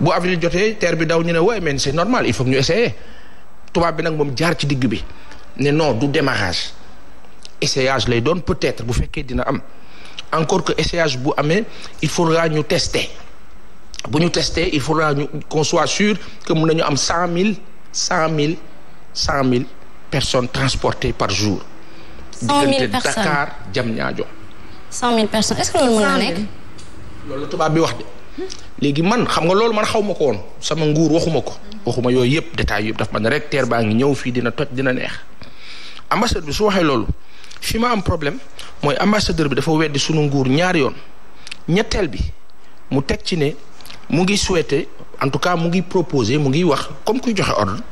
bu avril jotee terre bi daw ñu ne waaye mais c'est normal il faut que ñu essayer tubaab bi nag moom jaar ci digg bi ne non du démarage essayage lay doon peut-être bu fekkee dina am encore que essayage bu amee il faudra ñu tester bu ñu tester il faudra ñu qu'on soit sûr que mun nañu am cent mille cent mille cent mille personnes transportées par jour. cent jam personnes personnes est-ce que loolu mën na nekk. tubaab bi wax de. léegi man xam nga loolu man xaw ma ko woon sama nguur waxuma ko waxuma yooyu yëpp détails yëpp daf man rek teer baa ngi ñëw fii dina toj dina neex ambassadeur bi su waxee loolu fi ma am problème mooy ambassadeur bi dafa weddi sunu nguur ñaari yoon ñetteel bi mu teg ci ne mu ngi souhaité en tout cas mu ngi proposé mu ngi wax comme kuy joxe ordre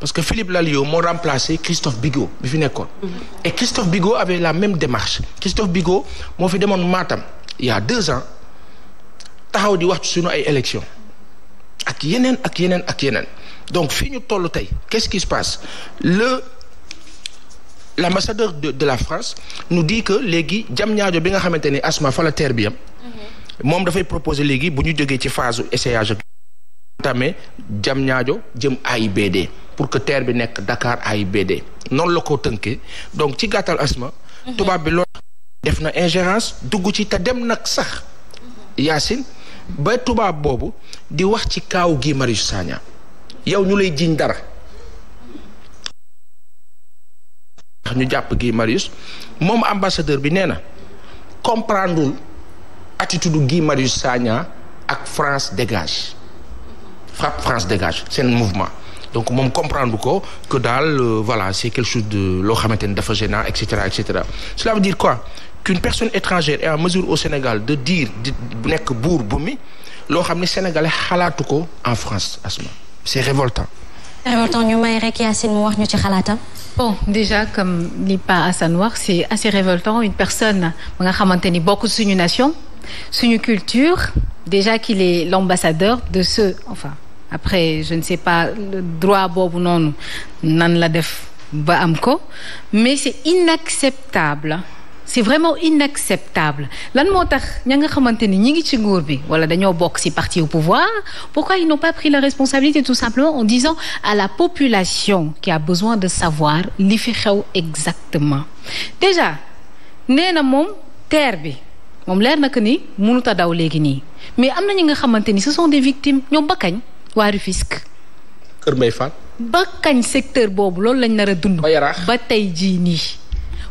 parce que Philippe Lalliot moo remplacé Christophe Bigot bi fi nekkoon. Mm-hmm. et Christophe Bigot avait la même démarche Christophe Bigot moo fi demoon Matam il y a taxaw di wax suñu ay élection ak yeneen ak yeneen ak yeneen donc fii ñu toll tey qu'est-ce qui se passe le l'ambassadeur de de la France nu di que léegi jam ñaajo bi nga xamante ni asma fa la terre bi am mhm. moom dafay proposer léegi bu ñu jógee ci phase essayage ak tamee jam ñaajo jëm AIBD pour que terre bi nekk Dakar AIBD noonu la ko tënkee donc ci gàttal asma mhm. tubaab bi loolu def na ingérence dugg ci te dem nag sax mhm. Yacine ba tubaab boobu di wax ci kaaw Guy Marius Sagna yow ñu lay jiiñ dara ñu jàpp gi Marius moom ambassadeur bi nee na comprendrewul attitude Guy Marius Sagna ak France dégage frappe France dégage seen mouvement donc moom comprendre ko que daal euh, voilà c'est quelque chose de loo xamante ni dafa gênant et cetera et cela veut dire quoi qu'une personne étrangère est en mesure au Sénégal de dire di nekk buur bu mi loo xam ne sénégalais xalaatu ko en France asma c'est révoltant révoltant ñu may rek Yacine mu wax ñu ci xalaatam bon déjà comme li Pa Assane wax c'est assez révoltant une personne ba nga xamante ni bokk suñu nation suñu culture déjà qu'il est l'ambassadeur de ce enfin après je ne sais pas le droit boobu noonu nan la def ba am ko mais c'est inacceptable c'est vraiment inacceptable lan moo tax ña nga xamante ni ñi ngi ci nguur bi wala dañoo bokk si parti au pouvoir pourquoi ils n'ont pas pris la responsabilité tout simplement en disant à la population qui a besoin de savoir li fi xew exactement déjà nee na moom terre bi moom leer na que ni mënut a daw léegi nii mais am na ñi nga xamante ni ce sont des victimes ñoom bakkañ waa Rufisque Kër Mbaye Fall bakkañ secteur boobu loolu lañ nar a dund ba tey jii nii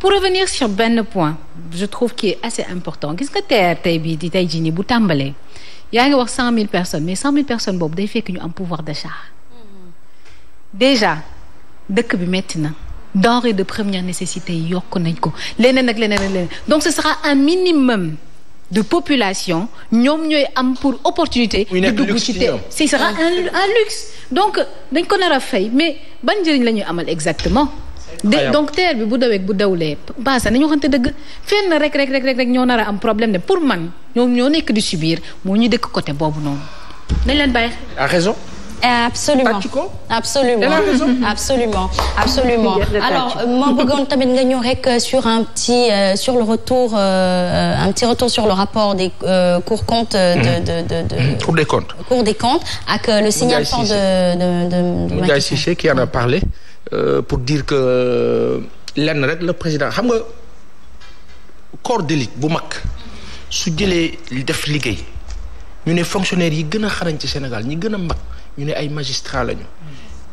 pour revenir sur benn point je trouve qui est assez important gis nga TER tey bii di tey jii nii bu tàmbalee yaa ngi wax cent mille personnes mais cent mille personnes boobu day fekk ñu am pouvoir d'achat déjà dëkk bi metti na denrées de première nécessité yi yokk nañ ko leneen ak leneen ak leneen donc ce sera un minimum de population ñoom ñooy am pour opportunité de dugg ci te ce sera un, un luxe donc dañ ko nar a fay mais ban njëriñ la ñuy amal exactement de donc TER bi bu daweeg bu dawlee baasa nañu waxante dëgg fenn rek rek rek rek ñoo nar a am problème de pour man ñoom ñoo nekk di subir moo ñu dëkk côté boobu noonu nañ leen bàyyi. à raison. absolument absolument absolument absolument alors euh, ma bëggoon tamit nga ñëw rek euh, sur un petit euh, sur le retour un petit retour sur le rapport des cours comptes mm-hmm. de de de de mm-hmm. cours des comptes cours des comptes ak le signalement de de de Moundiaye Cissé qui en a parlé Euh, pour diir que euh, lenn rek la président xam nga corps d'élite bu mag su jëlee def liggéey ñu ne fonctionnaires yi gën a xarañ ci Sénégal ñi gën a mag ñu ne ay magistrat lañu.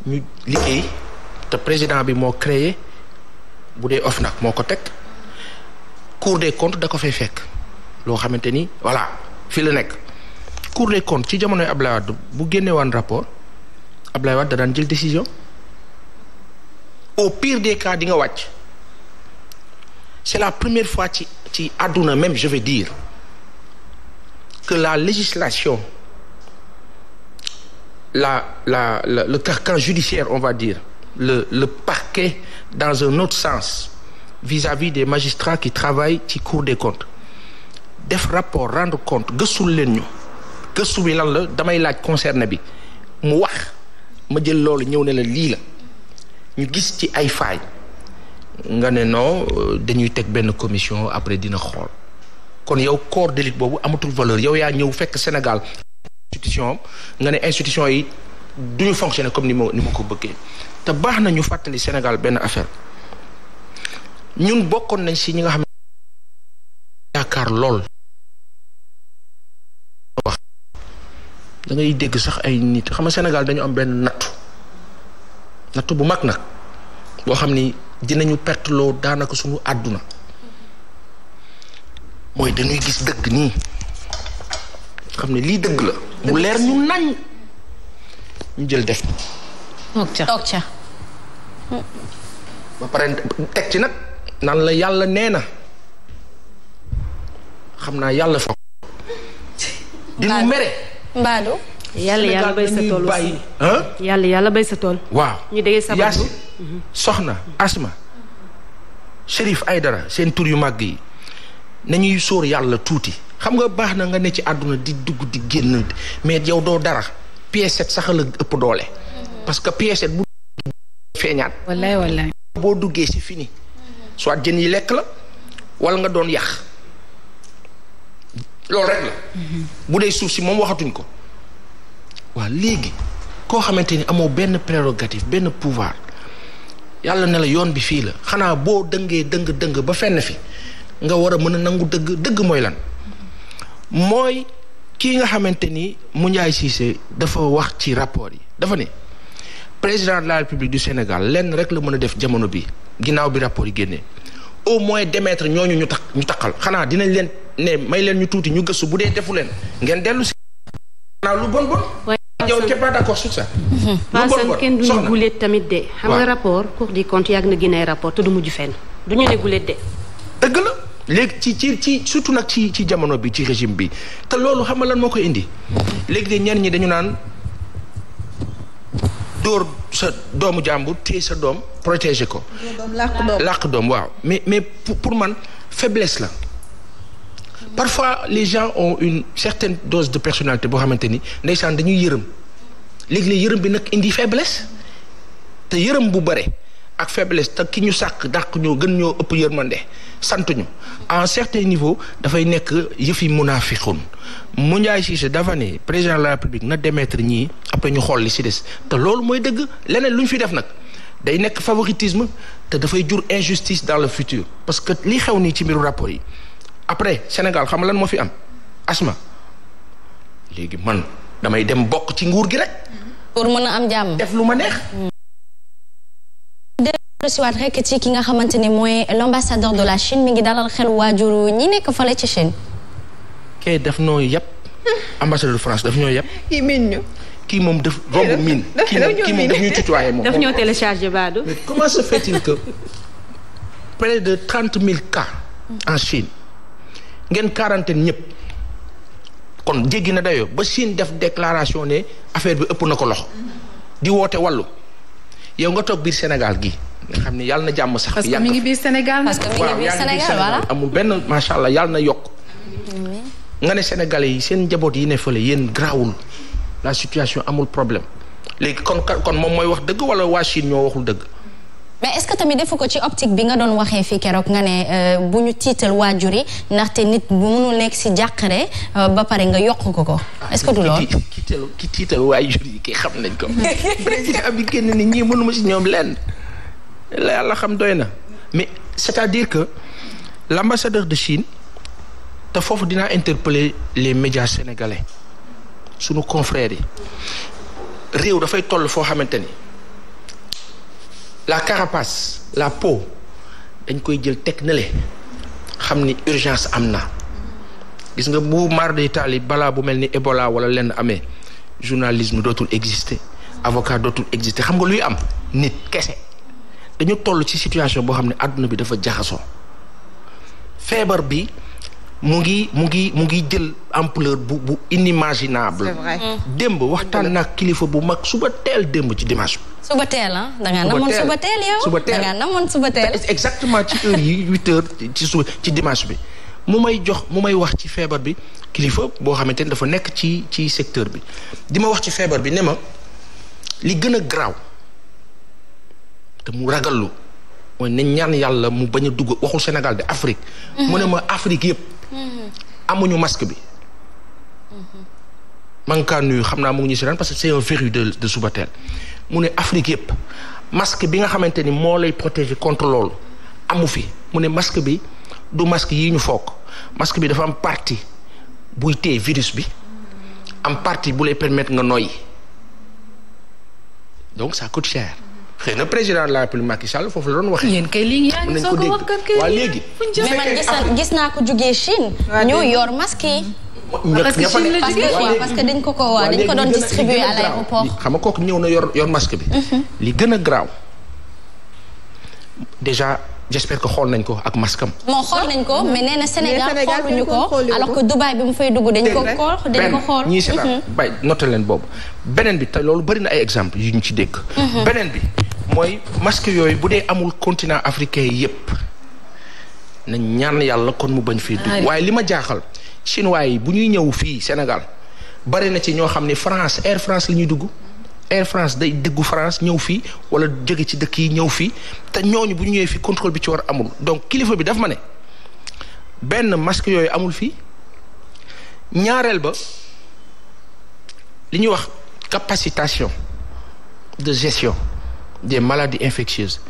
ñu liggéey te président bi moo créer bu dee OFNAC moo ko teg cour des comptes da ko fay fekk loo xamante ni voilà fii la nekk. cour de comptes ci jamonoy Ablaye Wade bu génneewaan rapport Ablaye Wade da daan jël décision. au pire des cas di nga wàcc c'est la première fois ci ci àdduna même je veux dire que la législation la la, la le carcan judiciaire on va dire le le parquet dans un autre sens vis-à-vis des magistrats qui travaillent ci cour des comptes def rapport rendre compte gëstul leen ñu gëstu bi lan la damay laaj concerné bi mu wax ma jël loolu ñëw ne la lii la ñu gis ci ay faay nga ne noo euh, dañuy teg benn commission après dina xool kon yow corps d'élite boobu amatul valeur yow yaa ñëw fekk Sénégal institution nga ne institution yi duñu ñu fonctionner comme ni ma ni ma ko bëggee te baax na ñu fàttali Sénégal benn affaire ñun bokkoon nañ si ñi nga xam ne yaakaar lool wax dégg sax ay nit xam Sénégal dañu am benn nattu nattu bu mag nag boo xam ni dinañu perteloo daanaka suñu àdduna mooy dañuy gis dëgg nii xam ne lii dëgg la mu leer ñu nañ ñu jël def toog ca ba pare teg ci nag naan la yàlla nee na xam naa yàlla fa di mu mere mbaadu yàlla yàlla bay sa tool bàyyi yàlla yàlla bay sa tool. waaw ñu déggee sa Yacine soxna Asma ay dara seen tur yu màgg yi nañuy sóor yàlla tuuti xam nga baax na nga ne ci àdduna di dugg di génn mais yow doo dara pièce sax la ëpp doole. parce que pièce bu feeñaat. wallaay boo duggee si fini soit jën yi lekk la wala nga doon yàq loolu rek mm-hmm. bu dee suuf si moom waxatuñ ko. waaw léegi koo xamante ni amoo benn prérogative benn pouvoir yàlla ne la yoon bi fii la xanaa boo dëngee dëng dëng ba fenn fi nga war a mën a nangu dëgg dëgg mooy lan mooy kii nga xamante ni Moundiaye Cissé dafa wax ci rapport yi dafa ne président de la république du Sénégal lenn rek la mën a def jamono bi ginnaaw bi rapport yi génnee au moins démettre ñooñu ñu tax ñu taxal xanaa dinañ leen ne may leen ñu tuuti ñu gëstu bu dee defu leen ngeen dellu si yow t'es pas d'accord sur ça. Paasan mhm. kenn duñu guléet tamit de. xam nga rapport Cour des comptes yàgg na te dëgg la léegi ci ci ci surtout nag ci ci jamono bi ci régime bi te loolu xam nga lan moo ko indi. léegi de ñan ñi dañu naan dóor sa doomu jàmbur téye sa doom protéger ko. làq doom waaw mais mais pour man faiblesse la. parfois les gens ont une certaine dose de personnalité boo xamante ni ndeysaan dañuy yërëm. léegi-léeg yërëm bi nag indi faiblesse te yërëm bu bare ak faiblesse te ki ñu sàkk dàq ñoo gën ñoo ëpp yërmande sant ñu à un certain niveau dafay nekk yëfi munaafiqun mu Njaay Cissé dafa ne président de la république na démettre ñii après ñu xool li si des te loolu mooy dëgg leneen lu ñu fi def nag day nekk favoritisme te dafay jur injustice dans le futur parce que li xew nii ci mbiru rapport yi après Sénégal xam lan moo fi am asma léegi man damay dem bokk ci nguur gi rek pour mën a am jàmm. def lu ma neex. dellusiwaat ki nga xamante ni mooy l'ambassadeur de la Chine mi ngi dalal xel waajuru ñi nekk fale ci Chine. kay daf noo yëpp. ambassadeur de France daf ñoo yëpp. kii moom daf romb miin. daf ñoo miin moom daf ñuy tutoyer moom. daf ñoo téléchargé Badou. mais comment se fait-il que de trente mille cas. en Chine. ngeen quarantaine ñëpp. kon jéggi na dayoo ba Chine def déclaration ne affaire bi ëpp na ko loxo di woote wàllu yow nga toog biir Sénégal gi nga xam ne yàlla na jàmm sax. parce que mi ngi biir amul benn macha allah yàlla na yokk. nga ne Sénégalais yi seen njaboot yi ne fële yéen grawul la situation amul problème léegi kon kon moom mooy wax dëgg wala waa Chine ñoo waxul dëgg. mais est-ce que tamit defu ko ci optique bi nga doon waxee fii keroog nga ne euh, bu ñu tiital waajur yi ndaxte nit bu mënul nekk si re euh, ba pare nga yokk ko ko est-ce que du lool ki tiital waajur yi ki xam nañ ko président bi génn ni ñii mënuma si ñoom lenn la yàlla xam doy na mais c'est-à-dire que l'ambassadeur de Chine te foofu dinaa interpeller les médias sénégalais sunu confrères yi réew dafay toll foo xamante ni la carapace la peau dañ koy jël teg na le xam ni urgence am na gis nga bu mar de Italie balaa bu mel ni Ebola wala lenn amee journalisme dootul existe avocat dootul exister xam nga luy am nit kese dañu toll ci situation boo xam ne àdduna bi dafa jaxasoo feebar bi. mu ngi mu ngi mu ngi jël ampleur bu bu inimaginable. c'est vrai mm. démb waxtaan naag kilifa bu mag suba teel démb ci dimanche bi. suba teel ah da ngaa namoon suba teel yow da ngaa namoon suba teel. exactement ci heure yi huit heures ci suba ci dimanche bi mu may jox mu may wax ci feebar bi kilifa boo xamante ni dafa nekk ci ci secteur bi di ma wax ci feebar bi ne ma li gën a garaaw te mu ragallu mooy nañ ñaan yàlla mu bañ a dugg waxul Sénégal de Afrique. Mm-hmm. mu ne ma Afrique yëpp. Mm-hmm. amuñu masque bi. Mm-hmm. maa ngi nuyu xam naa mu ngi ñu si daan parce que c'est un verru de de Soubatel mu ne Afrique yëpp masque bi nga xamante ni moo lay protéger contre loolu amu fi mu ne masque bi du masque yi ñu foog masque bi dafa am parti buy téye virus bi am partie bu lay permettre nga noyyi donc ça coûte cher. xëy na président la République Macky Sall foofu la doon waxee. yéen kay lii yaa ngi soog a wax kër gis naa ko jugee Chine. ñu yor masque yi. parce que Chine dañ ko ko doon distribuer à l'aéroport. xam nga kooku ñëw na yor yor masque bi. Mhm. li gën a graaw déjà. j'espère que xool nañ ko ak maskam. moo xool nañ ko mais nee na Sénégal xooluñu ko alors que Dubaï bi mu fay dugg dañ ko xool dañ ko xool. ñii seetaan mhm. bay noté leen boobu beneen bi te loolu bari na ay exemples yu ñu ci dégg. Mhm. beneen bi mooy masque yooyu bu dee amul continent africain yépp nañ ñaan yàlla kon mu bañ fii dugg waaye li ma jaaxal chinois yi bu ñuy ñëw fii Sénégal bari na ci ñoo xam ne France Air France la ñuy dugg Air France day déggu France ñëw fii wala jóge ci dëkk yi ñëw fii te ñooñu bu ñu ñëwee fii contrôle bi ci war amul donc kilifa bi daf ma ne benn masque yooyu amul fii ñaareel ba li ñuy wax capacitation de gestion de maladies infectieuses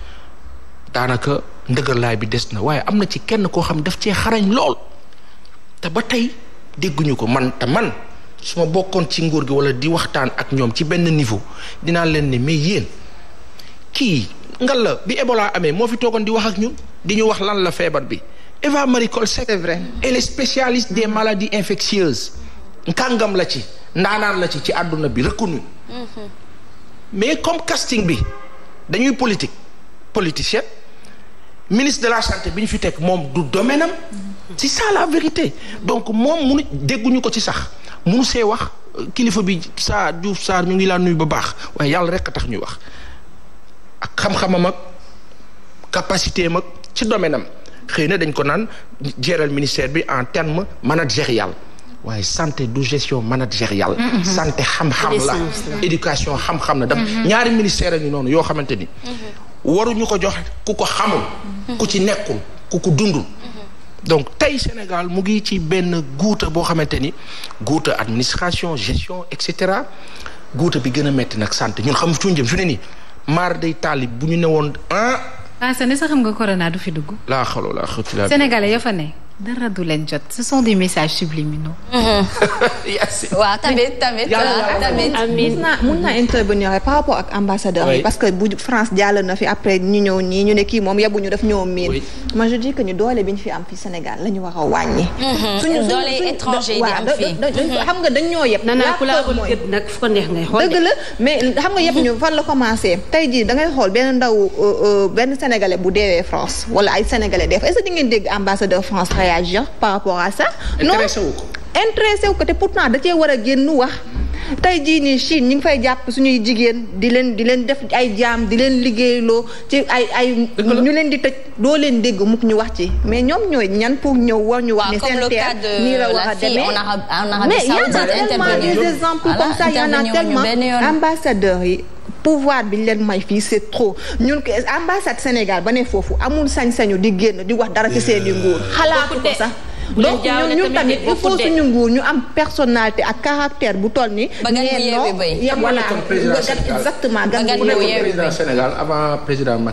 daanaka ndëgërlaay bi des na waaye am na ci kenn koo xam def cee xarañ lool te ba tey dégguñu ko man te man su ma bokkoon ci nguur gi wala di waxtaan ak ñoom ci benn niveau dinaa leen ne mais yéen kii ngal la bi Ebola amee moo fi toogoon di wax ak ñun di ñu wax lan la feebar bi Eva Marie Coll Seck c'est vrai spécialiste des maladie infectieuses nkàngam la ci ndaanaan la ci ci àdduna bi reconnu mm-hmm. mais comme casting bi dañuy politique politicien ministre de la santé bi ñu fi teg moom du domaine am ci ça la vérité donc moom munu dégguñu ko ci sax munu see wax kilifa bi saa Diouf Sarr ñu ngi laa nuyu ba baax waaye yàlla rekk a tax ñuy wax ak xam-xamam ak capacité mag ci domaine am xëy na dañ ko naan géral ministère bi en terme managérial waaye santé du gestion managériale. santé xam-xam la éducation xam-xam la dam mm-hmm. ñaari ministère a noonu yoo xamante ni. Mm-hmm. waruñu ko jox ku ko xamul. Mm-hmm. ku ci nekkul ku ko dundul. donc tey Sénégal mu ngi ci benn guuta boo xamante ni guuta administration gestion et cetera guuta bi gën a metti nag santé ñun xam fu ñu jëm su ne nii maar day taalib bu ñu ne woon ah. ah sax xam nga corona du fi dugg. laa xaloo laa xaw laa. Sénégalais ya fa ne. dara du leen jot ce sont des messages subliminaux. Mm-hmm. waaw tamit tamit. tamit mun naa mun naa par rapport ak ambassadeur yi parce que bu France jàll na fi après ñu ñëw nii ñu ne kii moom yabuñu daf ñëw miin. moi je dis que ñu doole bi ñu fi am fi Sénégal la ñu war a wàññi. Mm-hmm. suñu doole étranger di am fii mm-hmm. xam nga dañ ñoo yëpp. naan ku laa bëgg yëpp nag fu ko neex ngay xool dëgg la mais xam nga yëpp ñu fan la commencé. tey jii da ngay xool benn ndaw euh, euh, benn sénégalais bu deewee France wala ay sénégalais def est réagir par rapport à ça. non intéressé ko te pourtant da cee war a génn wax. tey jii Chine ñu ngi fay jàpp suñuy jigéen di leen di leen def ay jaam di leen liggéeyloo ci ay ay. ñu leen di tëj doo leen dégg mukk ñu wax ci mais ñoom ñooy ñan pour ñëw war ñu wax. ne seen terre nii la war a demee mais y' a tellement des comme ça y' en a tellement yi. pouvoir bi ñu leen may fii c'est trop ñun ambassade Sénégal ba ne foofu amul sañ-sañu di génn di wax dara ci seeni nguur xalaatu ko sax donc ñun ñun tamit il faut suñu nguur ñu am personnalité ak caractère bu toll ni nee non voilà exactement gan bu nekk président Sénégal avant président